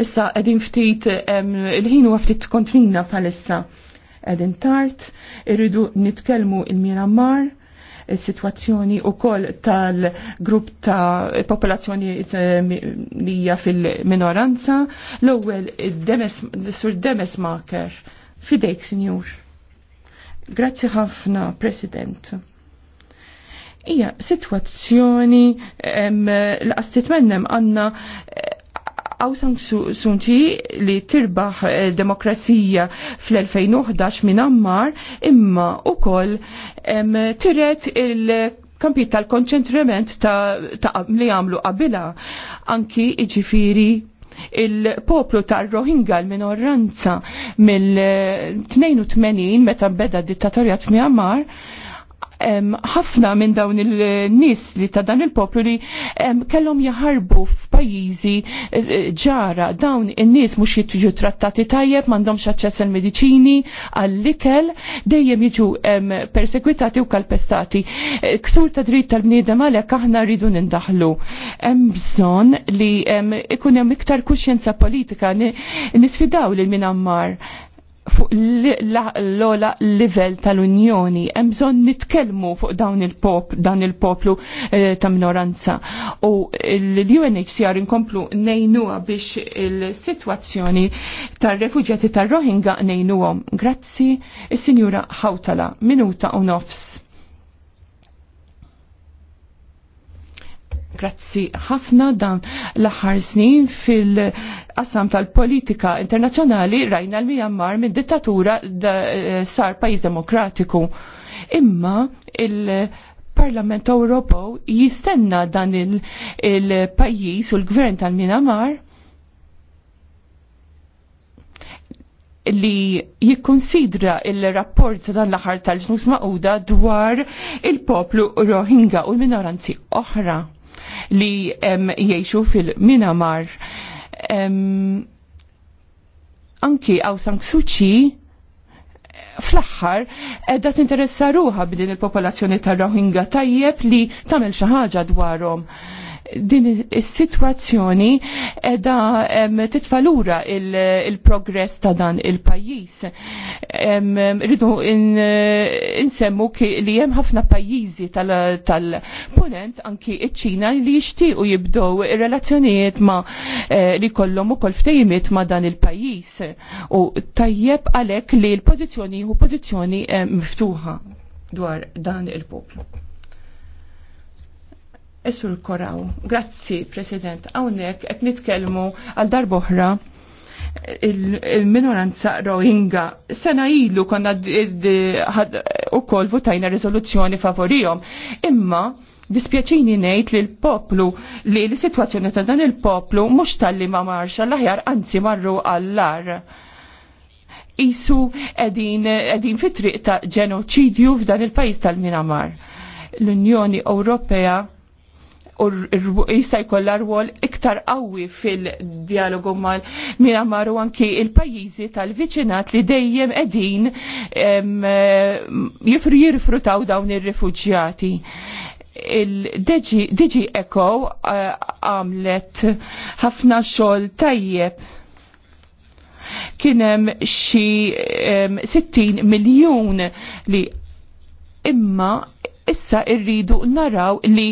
Issa qegħdin ftit il-ħin u ftit kontrina bħalissa qegħdin tart, irridu nitkellmu il il-situazzjoni sitwazzjoni wkoll tal-grupp ta' popolazzjoni li hija fil-minoranza, l-ewwel sur Demes Maker fidejk sinjur. Grazzi ħafna, President. Ija, situazzjoni l-qastit mennem għanna Aw San li tirbaħ eh, demokrazija fl-2011 minn Ammar imma koll tiret il- kampi tal-konċentrament ta', ta li għamlu qabila anki iġifiri il-poplu tal-Rohingya l-minoranza mill-82 eh, meta beda dittatorjat Myanmar ħafna minn dawn il-nis li ta' dan il-poplu li kellhom jaħarbu f'pajjiżi eh, eh, ġara dawn in-nies mhux jiġu trattati tajjeb m'għandhomx aċċess il-mediċini għall-ikel dejjem jiġu persekwitati u kalpestati. Eh, ksur ta' dritt tal-bniedem għalhekk aħna rridu nindaħlu. Hemm bżonn li ikun hemm iktar kuxjenza politika nisfidaw lil min ammar fuq l-ola livell tal-Unjoni. Hemm bżonn nitkellmu fuq dawn il-pop, dawn il-poplu eh, ta' minoranza. U l-UNHCR inkomplu nejnuha biex il-sitwazzjoni tar-refuġjati tar-Rohingya nejnuhom. Grazzi, is-Sinjura Hawtala, minuta u nofs. Grazzi ħafna dan l-aħħar snin fil-qasam tal-politika internazzjonali rajna l-Myanmar minn dittatura eh, sar pajjiż demokratiku. Imma il- Parlament Ewropew jistenna dan il-pajjiż il u l-gvern tal-Minamar li jikkonsidra il-rapport dan l-aħħar tal-ġnus maquda dwar il-poplu Rohingya u l-minoranzi oħra li jiexu fil-Minamar. Anki għaw Sanksuċi fl-axħar t tinteressa ruħa b'din il-popolazzjoni tar-Rohingya tajjeb li tagħmel xi ħaġa dwarhom din is-sitwazzjoni edha titfalura il-progress ta' dan il-pajjiż. Ridu insemmu li hemm ħafna pajjiżi tal-punent anki iċ-Ċina li jixtiequ jibdew relazzjonijiet ma eh, li kollhom ukoll ftejimiet ma dan il-pajjiż u tajjeb għalhekk li l-pożizzjoni hu pożizzjoni miftuħa dwar dan il-poplu. Isur Koraw. Grazzi, President. Hawnhekk qed nitkellmu għal darboħra il-minoranza Rohingya. Sena ilu konna u kol votajna rezoluzzjoni favorijom. Imma dispjaċini nejt li l-poplu li l-situazzjoni ta' dan il-poplu mux tal-li ma marxa l-aħjar anzi marru għallar. Isu edin, edin fitriq ta' ġenoċidju f'dan il-pajis tal-Minamar. L-Unjoni Ewropea u jista' jkollha rwol iktar qawwi fil-dialogu mal Myanmar u anki il-pajjiżi tal-viċinat li dejjem qegħdin jifru jirfrutaw dawn ir-rifuġjati il-Digi Echo eh, għamlet ħafna xogħol tajjeb kienem xi 60 miljun li imma issa irridu naraw li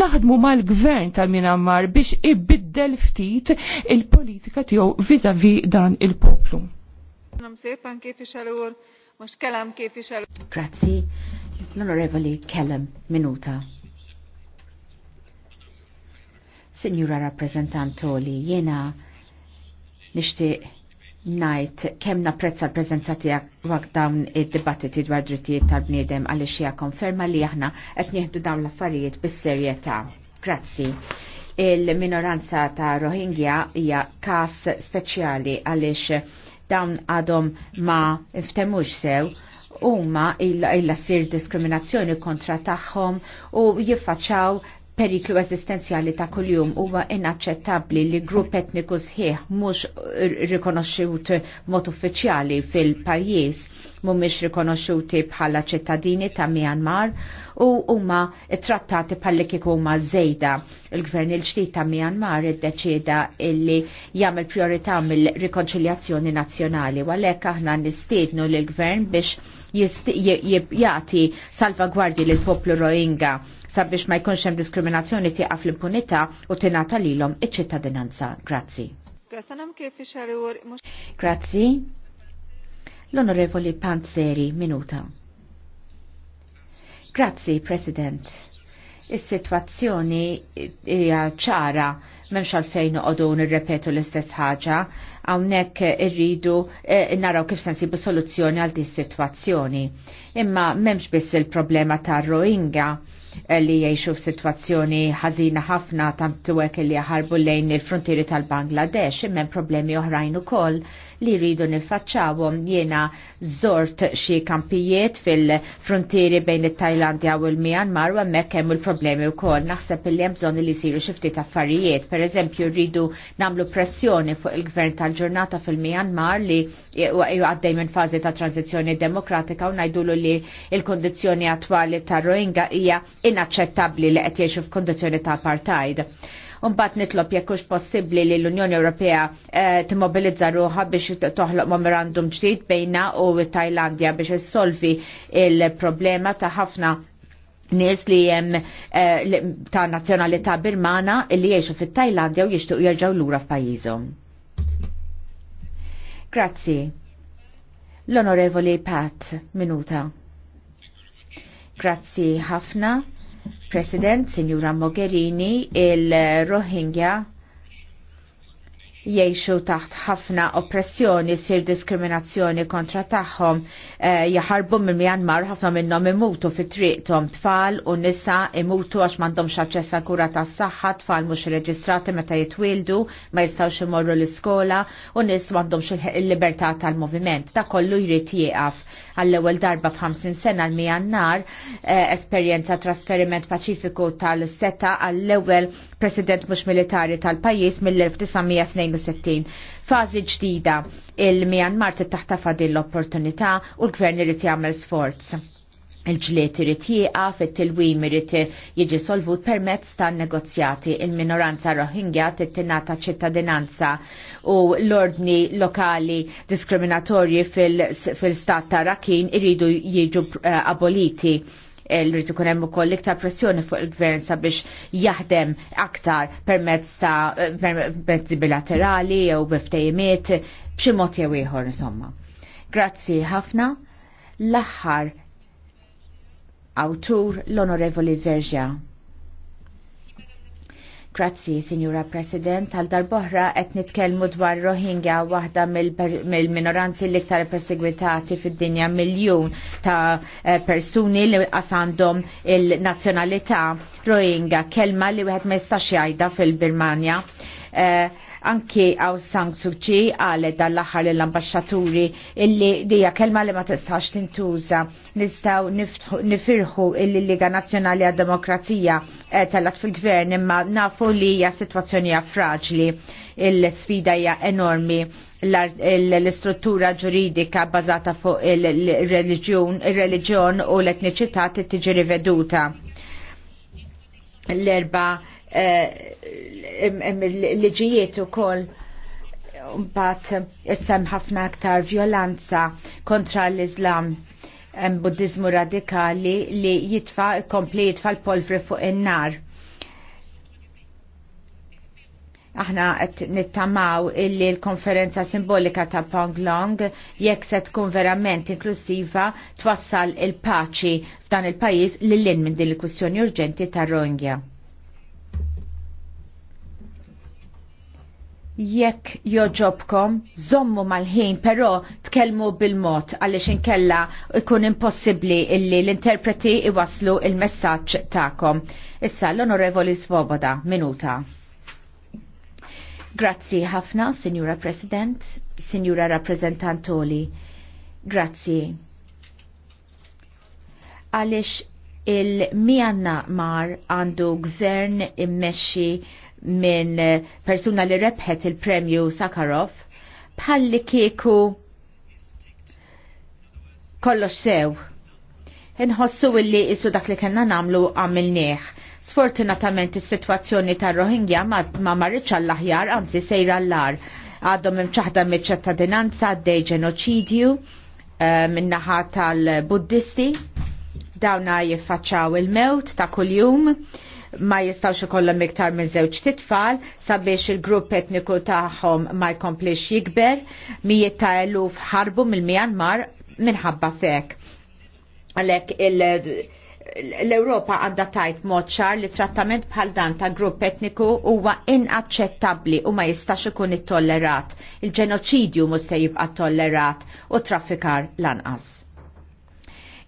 naħdmu mal-gvern tal-Minammar biex ibiddel ftit il-politika tiegħu viżavi dan il-poplu. Grazzi, l-onorevoli Kellem, minuta. Signora rappresentantoli, jena nishtiq najt kem napprezza l-prezenza tijak dawn id-dibattiti dwar drittijiet tal-bniedem għalli xija konferma li aħna qed nieħdu dawn l-affarijiet bis-serjetà. Grazzi. Il-minoranza ta' Rohingya hija kas speċjali għaliex dawn għadhom ma ftemux sew huma illa sir diskriminazzjoni kontra tagħhom u jiffaċċaw periklu eżistenzjali ta' kuljum huwa inaċċettabbli li grupp etniku sħiħ mhux rikonoxxut mod uffiċjali fil-pajjiż mhumiex rikonoxxuti bħala ċittadini ta' Myanmar u huma trattati bħalli kik huma żejda. Il-gvern il-ġdid ta' Myanmar iddeċieda illi jagħmel priorità mill-rikonċiljazzjoni nazzjonali u għalhekk aħna nistiednu lill-gvern biex jagħti salvagwardji lil poplu Rohingya sabiex ma jkunx hemm diskriminazzjoni tieqaf l-impunità u tingħata lilhom iċ-ċittadinanza. Grazzi. Grazzi. L-Onorevoli Panzeri, minuta. Grazzi, President. Is-sitwazzjoni hija ċara m'hemmx għalfejn noqogħdu nirrepetu l-istess ħaġa, hawnhekk irridu eh, naraw kif sensibu soluzzjoni għal dis sitwazzjoni. Imma m'hemmx biss il-problema tar-Rohingya li jiexu f'sitwazzjoni ħażina ħafna tant wek li jaħarbu lejn il-frontieri tal-Bangladesh imman problemi oħrajn ukoll li rridu niffaċċawhom jiena żort xi kampijiet fil-frontieri bejn it-Tajlandja u l-Myanmar u hemmhekk hemm il-problemi wkoll. Naħseb li hemm bżonn li jsiru xi ftit affarijiet. Pereżempju rridu nagħmlu pressjoni fuq il-gvern tal-ġurnata fil-Myanmar li għaddej minn fażi ta' tranzizzjoni demokratika u ngħidulu li l kondizjoni attwali ta' Rohingya hija inaċċettabbli li qed jgħixu f'kondizzjoni ta' apartheid. Unbat nitlob jekk hux possibbli li l-Unjoni Ewropea eh, timobilizza ruha biex toħloq memorandum ġdid bejna u Tajlandja biex issolvi il-problema ta' ħafna nies li jem eh, ta' nazzjonalità birmana li jiexu fit-Tajlandja u jixtuq jerġaw lura f'pajjiżhom. Grazzi. L-Onorevoli Pat, minuta. Grazzi ħafna President, Signora Mogherini, il-Rohingya jiexu taħt ħafna oppressjoni, sir diskriminazzjoni kontra tagħhom, eh, jaħarbu minn Myanmar ħafna minnhom imutu fit triqthom tfal u nisa imutu għax m'għandhomx xaċċessa kura tas-saħħa, tfal mhux irreġistrati meta jitwildu, ma jistgħux imorru l-iskola u nis m'għandhomx il-libertà tal-moviment. Da kollu jrid jieqaf għall-ewwel darba f'50 sena l Myanmar eh, esperjenza trasferiment paċifiku tal-seta għall-ewwel President mhux militari tal-pajjiż mill-1992 sal Fażi ġdida il-Myanmar t-taħta fadil l-opportunità u l-gvern irid jagħmel sforz il-ġliet irid jieqaf, it-tilwim irrit jiġi solvut permezz ta' negozjati il-minoranza Rohingya tittinata ċittadinanza u l-ordni lokali diskriminatorji fil-stat ta' Rakin iridu jiġu eh, aboliti Eh, rrid ikun hemm ukoll iktar pressjoni fuq il-gvern sabiex jaħdem aktar permezz ta' eh, permezzi bilaterali jew biftejmiet b'xi mod jew ieħor insomma. Grazzi ħafna. L-aħħar awtur l-Onorevoli Verġa. Grazzi, Signora President, għal darboħra qed nitkellmu dwar Rohingya waħda mill-minoranzi mil l-iktar persegwitati fid-dinja miljun ta' eh, persuni li għasandhom il-nazzjonalità Rohingya, kelma li wieħed ma jistax jgħidha fil-Birmania. Uh, Anki għaw Sang Suu Kyi għalet dal-axar l-ambasċaturi illi dija kelma li ma tistax tintuża. Nistaw nifirħu illi Liga Nazzjonali għad-Demokrazija eh, telat fil-gvern imma nafu li hija situazzjoni fraġli. Il-sfida hija enormi l-istruttura ġuridika bazata fuq il-reliġjon u l-etniċità tiġi riveduta l-erba eh, liġijiet u kol mbagħad jessam ħafna aktar violanza kontra l-Islam buddizmu radikali li jitfa' kompli jitfa' l-polvri fuq in-nar aħna qed nittamaw illi l-konferenza simbolika ta' Pong Long jekk se tkun verament inklusiva twassal il-paċi f'dan il-pajjiż lil lin minn din il-kwistjoni urġenti ta' Rohingya. Jekk joġobkom, zommu mal-ħin, però tkellmu bil-mod għaliex inkella ikun impossibbli illi l-interpreti iwaslu il-messaġġ tagħkom. Issa l-Onorevoli Svoboda, minuta. Grazzi ħafna, Signora President, Signora Rappresentantoli. Grazzi. Għalix il mar għandu gvern immexxi minn persuna li rebħet il-premju Sakharov bħalli kieku kollox sew. Inħossu illi issu dak li kena namlu għamilnieħ Sfortunatament is-sitwazzjoni tar-Rohingja ma marriċ għall-aħjar, anzi sejra l ar Għadhom imċaħda miċ-ċattadinanza għaddej ġenoċidju eh, minnaħa tal-Buddisti. Dawna jiffaċċaw il-mewt ta' kuljum ma jistawx ikollhom iktar minn żewġ titfal sabiex il-grupp etniku tagħhom ma jkomplix jikber, mijiet ta' eluf ħarbu mill-Myanmar minħabba fek. Għalhekk il- l-Europa għandha tajt moċċar li trattament bħal dan ta' grupp etniku huwa inaċċettabbli u ma jistax ikun ittollerat. Il-ġenoċidju mhux se jibqa' tollerat u traffikar lanqas.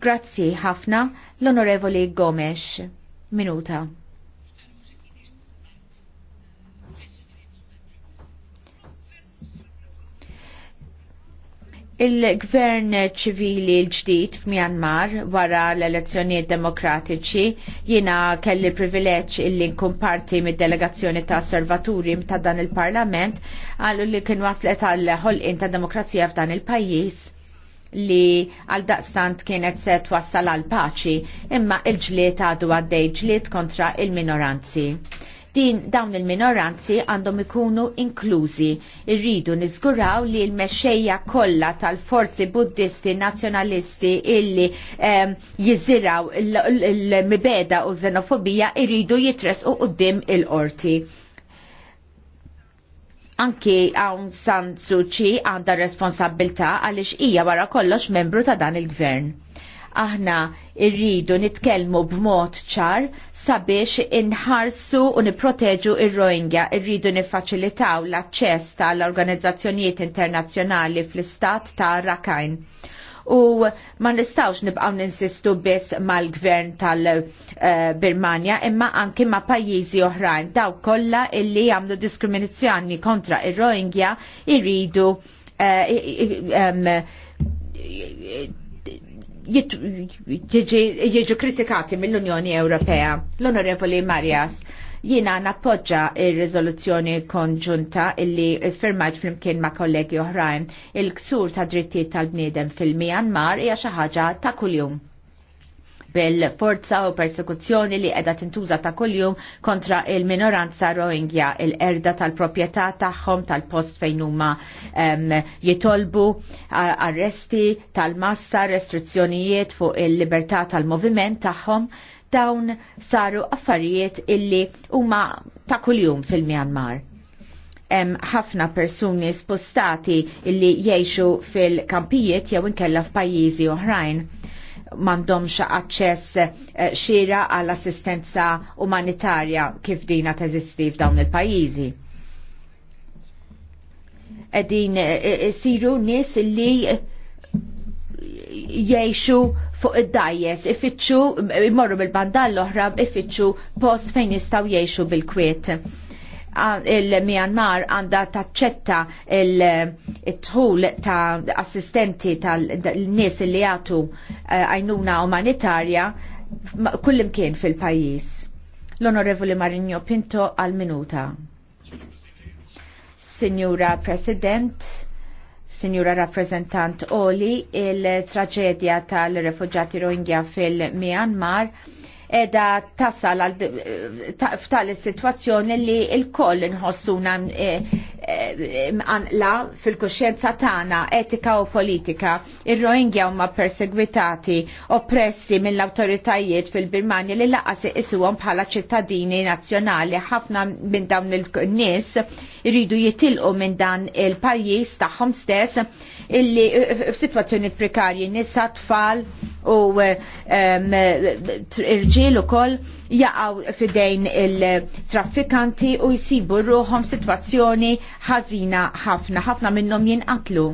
Grazzi ħafna l-Onorevoli Gomes. Minuta. Il-gvern ċivili l-ġdid f'Myanmar wara l-elezzjonijiet demokratiċi jiena kelli privileġġ illi nkun parti mid-delegazzjoni ta' osservaturi ta' dan il-Parlament għallu li kien waslet għall ħolqien ta' demokrazija f'dan il-pajjiż li għal daqstant kienet se twassal għal paċi imma il-ġlied għadu għaddej ġlied kontra il-minoranzi Din dawn il-minoranzi għandhom ikunu inklużi. Irridu niżguraw li l-mexxejja kollha tal-forzi buddisti nazzjonalisti illi ehm, jiżiraw l-mibeda u xenofobija irridu jitresqu qudiem il-qorti anki għawn San Suu Kyi għanda responsabilta għalix ija wara kollox membru ta' dan il-gvern. Aħna irridu nitkellmu b'mod ċar sabiex inħarsu u niproteġu ir-Rohingya, irridu nifaċilitaw l-aċċess tal-organizzazzjonijiet internazzjonali fl-istat ta' Rakhine. U ma nistawx nibqaw ninsistu biss mal-gvern tal-Birmania imma anki ma' pajjiżi oħrajn daw kollha illi għamlu diskriminazzjoni kontra ir-Rohingya irridu uh, eh, um, jiġu kritikati mill-Unjoni Ewropea. L-Onorevoli Marias, jina nappoġġa il-rizoluzzjoni konġunta illi firmaġ flimkien ma' kollegi oħrajn il-ksur ta' drittijiet tal-bniedem fil mianmar hija xi ħaġa ta' kuljum bil-forza u persekuzzjoni li qiegħda tintuża ta' kuljum kontra il-minoranza Rohingya il-erda tal-proprjetà tagħhom tal-post fejn huma jitolbu arresti tal-massa, restrizzjonijiet fuq il-libertà tal-moviment tagħhom dawn saru affarijiet illi huma ta' kuljum fil-Myanmar hemm ħafna persuni spostati illi jgħixu fil-kampijiet jew inkella f'pajjiżi oħrajn m'għandhomx aċċess eh, xira għall assistenza umanitarja kif dina teżisti f'dawn il-pajjiżi. din eh, eh, siru nies li jiexu fuq id-dajjes, ifittxu, imorru bil-bandall l-oħra, ifittxu post fejn jistaw jiexu bil-kwiet il-Myanmar għanda taċċetta il-tħul ta' assistenti tal nies li jgħatu eh, għajnuna umanitarja kullimkien fil-pajis. L-Onorevoli Marinjo Pinto għal-minuta. Signora President, Signora Rappresentant Oli, il-traġedja tal-refugġati Rohingya fil-Myanmar edha tasal f'tal is-sitwazzjoni li il koll nħossuna eh, eh, mqanqla fil kuxenza tagħna etika u politika. Ir-Rohingya huma persegwitati, oppressi mill-awtoritajiet fil-Birmania li laqas isuhom bħala ċittadini nazzjonali ħafna minn dawn il-nies iridu jitilqu minn dan il-pajjiż tagħhom stess illi eh, eh, f'sitwazzjoni prekarji nisa tfal u eh, irġiel ukoll jaqgħu fidejn il-traffikanti u jsibu ruhom sitwazzjoni ħażina ħafna, ħafna minnhom jinqatlu.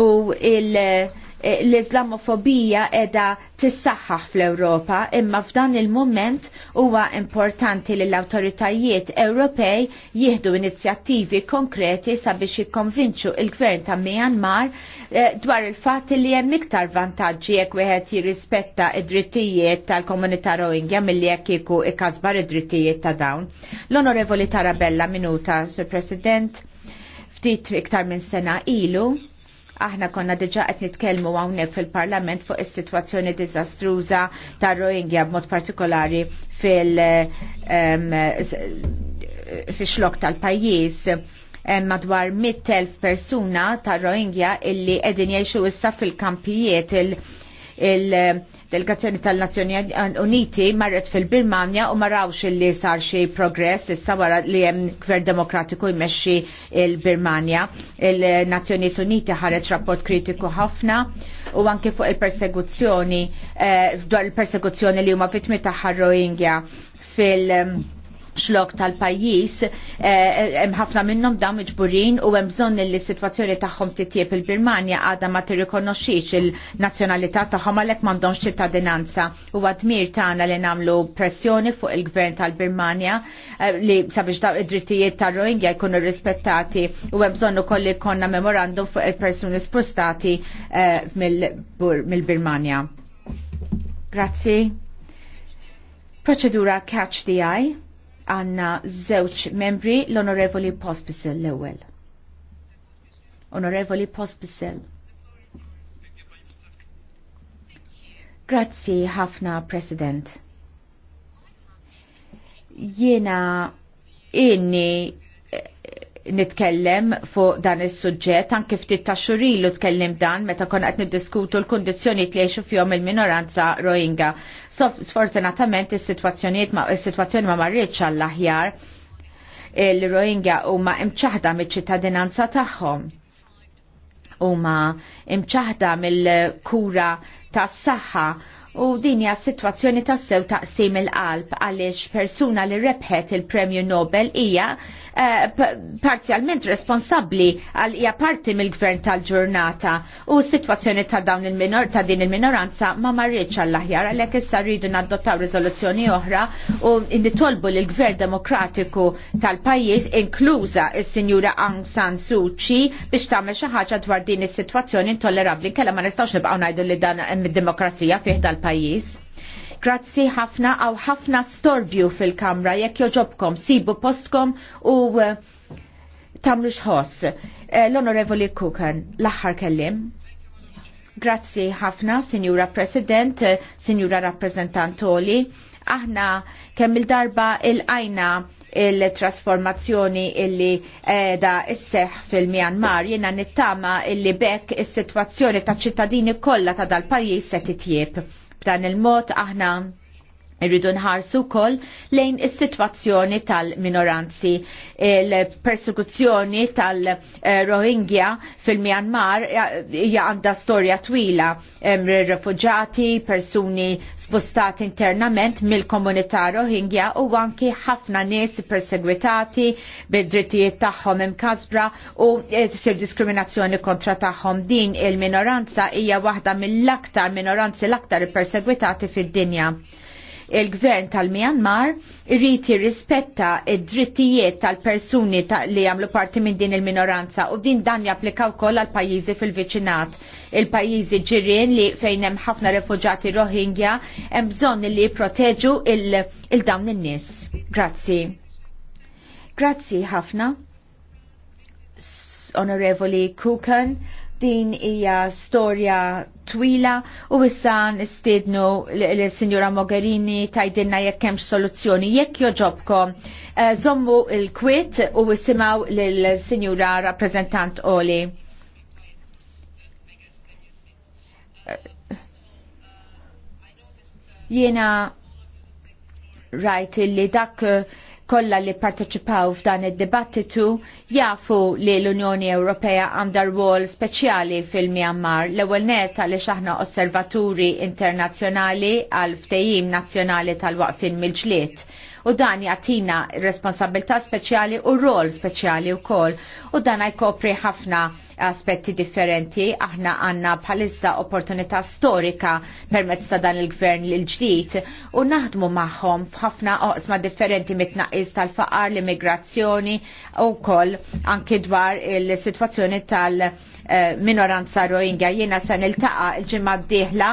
U il- Eh, l-Islamofobija edha tissaħħaħ fl-Ewropa imma f'dan il-moment huwa importanti li l-awtoritajiet Ewropej jieħdu inizjattivi konkreti sabiex jikkonvinċu il-gvern ta' Myanmar eh, dwar il-fatt li hemm iktar vantaġġi jekk wieħed jirrispetta id-drittijiet tal-komunità Rohingya milli jekk jieku ikasbar id-drittijiet ta' dawn. L-Onorevoli Tarabella minuta, Sur President, ftit iktar minn sena ilu, Aħna konna diġa qed nitkellmu hawnhekk fil-Parlament fuq is-sitwazzjoni diżastruża ta' Rohingya b'mod partikolari fil- fix-xlok tal-pajjiż madwar 100.000 persuna ta' Rohingya illi qegħdin jiexu issa fil-kampijiet il- il- delegazzjoni tal-Nazzjoni Uniti marret fil-Birmania u marawx li sar xi progress issa wara li hemm gvern demokratiku jmexxi il-Birmania. Il-Nazzjoni Uniti ħareġ rapport kritiku ħafna u anke fuq il-persekuzzjoni eh, dwar il-persekuzzjoni li huma vittmi ta' Rohingya fil- xlok tal-pajjiż eh, hemm ħafna minnhom dawn miġburin u hemm bżonn li s-sitwazzjoni tagħhom titjieb il-Birmania għadha ma tirrikonoxxix il-nazzjonalità tagħhom għalhekk m'għandhomx ċittadinanza u għadmir tagħna li nagħmlu pressjoni fuq il-gvern tal-Birmania eh, li sabiex dawn id-drittijiet tar-Rohingya jkunu rispettati u hemm bżonn ukoll ikollna memorandum fuq il-persuni spostati eh, mill-Birmania. Grazzi. Proċedura catch the eye għanna zewċ membri l-Onorevoli Pospisel l-ewel. Onorevoli Pospisel. Grazzi ħafna, President. Jena inni nitkellem fuq dan is-suġġett anke ftit ta' xurilu tkellim dan meta kon qed niddiskutu l-kundizzjoni tliexu fihom il-minoranza Rohingya. So sfortunatament is-sitwazzjonijiet ma is-sitwazzjoni ma marritx għall-aħjar il-Rohingya huma imċaħda miċ-ċittadinanza tagħhom. Huma imċaħda mill-kura tas-saħħa U din hija situazzjoni tassew taqsim il-qalb għaliex persuna li rebħet il-Premju Nobel hija eh, parzjalment responsabbli għal hija parti mill-gvern tal-ġurnata u s-sitwazzjoni ta' dawn il-minor ta' din il-minoranza ma marriċ għall-aħjar għalhekk issa rridu naddottaw riżoluzzjoni oħra u nitolbu l gvern demokratiku tal-pajjiż inkluża s sinjura Aung San Suu Kyi biex tagħmel xi ħaġa dwar din is-sitwazzjoni intollerabbli kellha ma nistgħux nibqgħu ngħidu li dan eh, id demokrazija fih dal tal-pajjiż. Grazzi ħafna għaw ħafna storbju fil-kamra jekk joġobkom sibu postkom u eh, tamlu ħoss. Eh, L-Onorevoli Kukan, l-aħħar kellim. Grazzi ħafna, Sinjura President, Sinjura Rappresentantoli. Aħna kemm il-darba il-ajna il-trasformazzjoni illi da isseħ fil-Myanmar jena nittama illi bekk is-sitwazzjoni ta' ċittadini kollha ta' dal-pajjiż se titjieb B'dan il-mod aħna Irridu nħarsu kol lejn is-sitwazzjoni tal-minoranzi. Il-persekuzzjoni tal-Rohingya fil-Myanmar hija għandha storja twila. Hemm persuni spostati internament mill-komunità Rohingya u anki ħafna nies perseguitati bid-drittijiet tagħhom imkasbra u tisir diskriminazzjoni kontra tagħhom din il-minoranza hija waħda mill-aktar minoranzi l-aktar perseguitati fid-dinja il-gvern tal-Myanmar irrid jirrispetta id-drittijiet tal-persuni li jagħmlu parti minn din il-minoranza u din dan japplika wkoll għal pajjiżi fil-viċinat. Il-pajjiżi ġirien li fejn hemm ħafna refuġati Rohingya hemm bżonn li jipproteġu il-dawn in-nies. Grazzi. Grazzi ħafna. Onorevoli Kukan Din hija storja twila u issa nistiednu l-Sinjura Mogherini tajdinna jekk hemm soluzzjoni. Jekk joġobkom, żommu eh, l-kwit u isimgħu lill sinjura Rappreżentant Oli. Jiena rajt right, li dak kollha li parteċipaw f'dan id-dibattitu jafu li l-Unjoni Ewropea għandha rwol speċjali fil-Myanmar l-ewwel net għaliex aħna osservaturi internazzjonali għal ftehim nazzjonali tal-waqfin mill-ġlied u dan jagħtina responsabilità speċjali u rwol speċjali wkoll u dan jkopri ħafna aspetti differenti, aħna għanna bħalissa opportunità storika permezz ta' dan il-gvern l-ġdid u naħdmu magħhom f'ħafna oqsma differenti mitnaqis tal-faqar, l-immigrazzjoni u kol anki dwar il-situazzjoni tal-minoranza Rohingya. Jiena se niltaqa' il-ġimgħa d-dieħla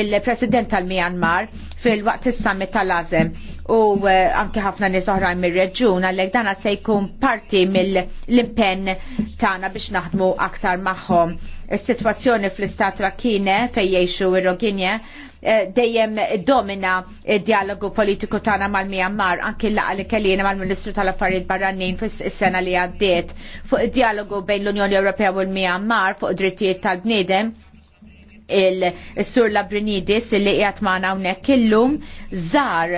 il-President tal-Myanmar fil-waqt is-summit tal-Azem u eh, anke ħafna nies oħrajn mir-reġjun għalhekk dana se jkun parti mill-impenn tagħna biex naħdmu aktar magħhom. Is-sitwazzjoni fl-istat Rakhine fejn jgħixu ir-Roginje eh, dejjem domina dialogu politiku tagħna mal-Myanmar anki laqa li kellina mal-Ministru tal-Affarijiet Barranin fis-sena li għaddiet fuq id dialogu bejn l-Unjoni Ewropea u l-Myanmar fuq drittijiet tal-bniedem il-sur Labrinidis li qiegħed maħna hawnhekk illum żar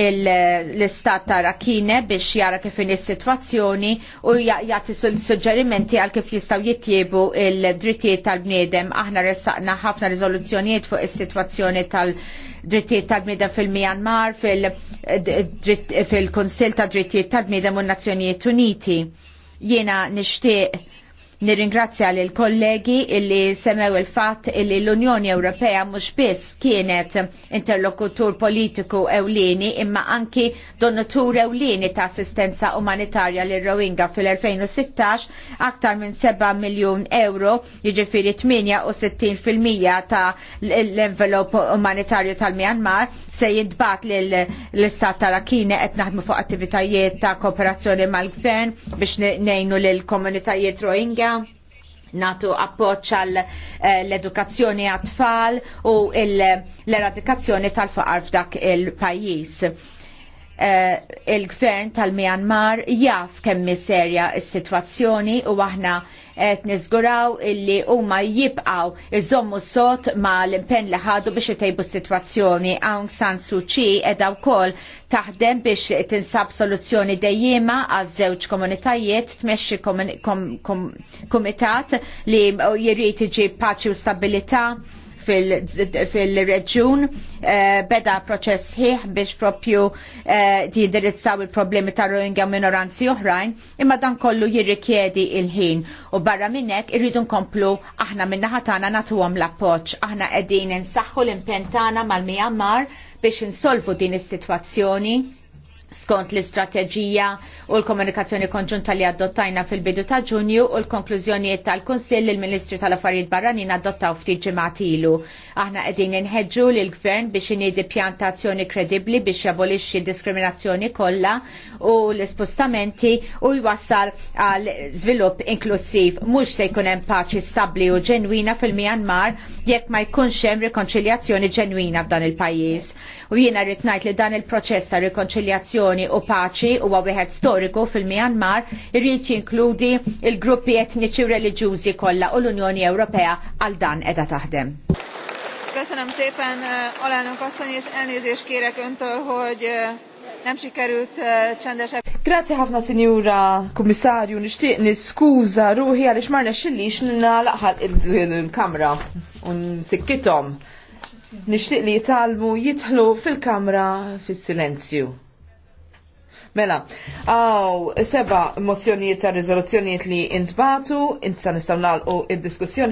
l-istat ta' Rakine biex jara kif in is-sitwazzjoni u jagħti suġġerimenti għal kif jistgħu jittiebu il-drittijiet tal-bniedem. Aħna ressaqna ħafna riżoluzzjonijiet fuq is-sitwazzjoni tal- drittijiet tal bnedem fil-Myanmar, fil-Konsil ta' drittijiet tal bnedem u n-Nazzjonijiet Uniti. Jiena nixtieq Nirringrazzja l kollegi illi semew il-fatt illi l-Unjoni Ewropea mhux biss kienet interlokutur politiku ewlieni imma anki donatur ewlieni ta' assistenza umanitarja lir rowinga fil-2016 aktar minn 7 miljun euro jiġifieri 68% ta' l-envelop umanitarju tal-Myanmar se jintbagħat l-istat tal-Akine qed naħdmu fuq attivitajiet ta' kooperazzjoni mal-gvern biex nejnu l-komunitajiet Rohingya natu appoċ għal eh, l-edukazzjoni għat-tfal u l-eradikazzjoni tal-faqar f'dak il-pajis. Eh, il-gvern tal-Myanmar jaf kemm serja s-situazzjoni u aħna qed niżguraw illi huma jibqgħu iżommu sot ma l-impenn li ħadu biex itejbu s-sitwazzjoni. Aung San Suu Kyi qiegħda wkoll taħdem biex tinsab soluzzjoni dejjema għaż żewġ komunitajiet tmexxi komitat li jrid iġib paċi u stabilità fil-reġjun eh, beda proċess ħieħ biex propju jindirizzaw eh, il-problemi ta' Rohingya minoranzi oħrajn, imma dan kollu jirrikjedi il-ħin u barra minnek irridu nkomplu aħna minnaħa tagħna nagħtuhom l-appoġġ. Aħna qegħdin insaħħu l-impentana mal-Myanmar biex insolvu din is-sitwazzjoni skont l-istrateġija u l-komunikazzjoni konġunta li adottajna fil-bidu ta' ġunju u l-konklużjonijiet tal-Kunsill il ministri tal-Affarijiet Barranin adottaw ftit ġimgħat ilu. Aħna qegħdin inħeġġu lil gvern biex iniedi pjantazzjoni kredibbli biex jabolixxi diskriminazzjoni kollha u l-ispostamenti u jwassal għal żvilupp inklusiv. Mhux se jkun hemm paċi stabbli u ġenwina fil-Myanmar jekk ma jkunx hemm rikonċiljazzjoni ġenwina f'dan il-pajjiż. U jiena rrid ngħid li dan il-proċess ta' rikonċiljazzjoni kooperazzjoni u paċi u għawieħed storiku fil-Myanmar irrid jinkludi il-gruppi etniċi u religjużi kollha u l-Unjoni Ewropea għal dan edha taħdem. Köszönöm szépen, eh, alelnök asszony, és elnézést kérek öntől, hogy eh, nem sikerült eh, csendesebb. Grazie ħafna sinjura kummissarju, nixtieq ruhi, għalix marna ma rnexxillix laħal il-kamra un sikkitom. Nixtieq li jitalmu jidħlu fil-kamra fil silenzju Mela, għaw seba mozzjonijiet ta' rizoluzzjonijiet li intbatu, insta nistaw nalqu id-diskussjoni.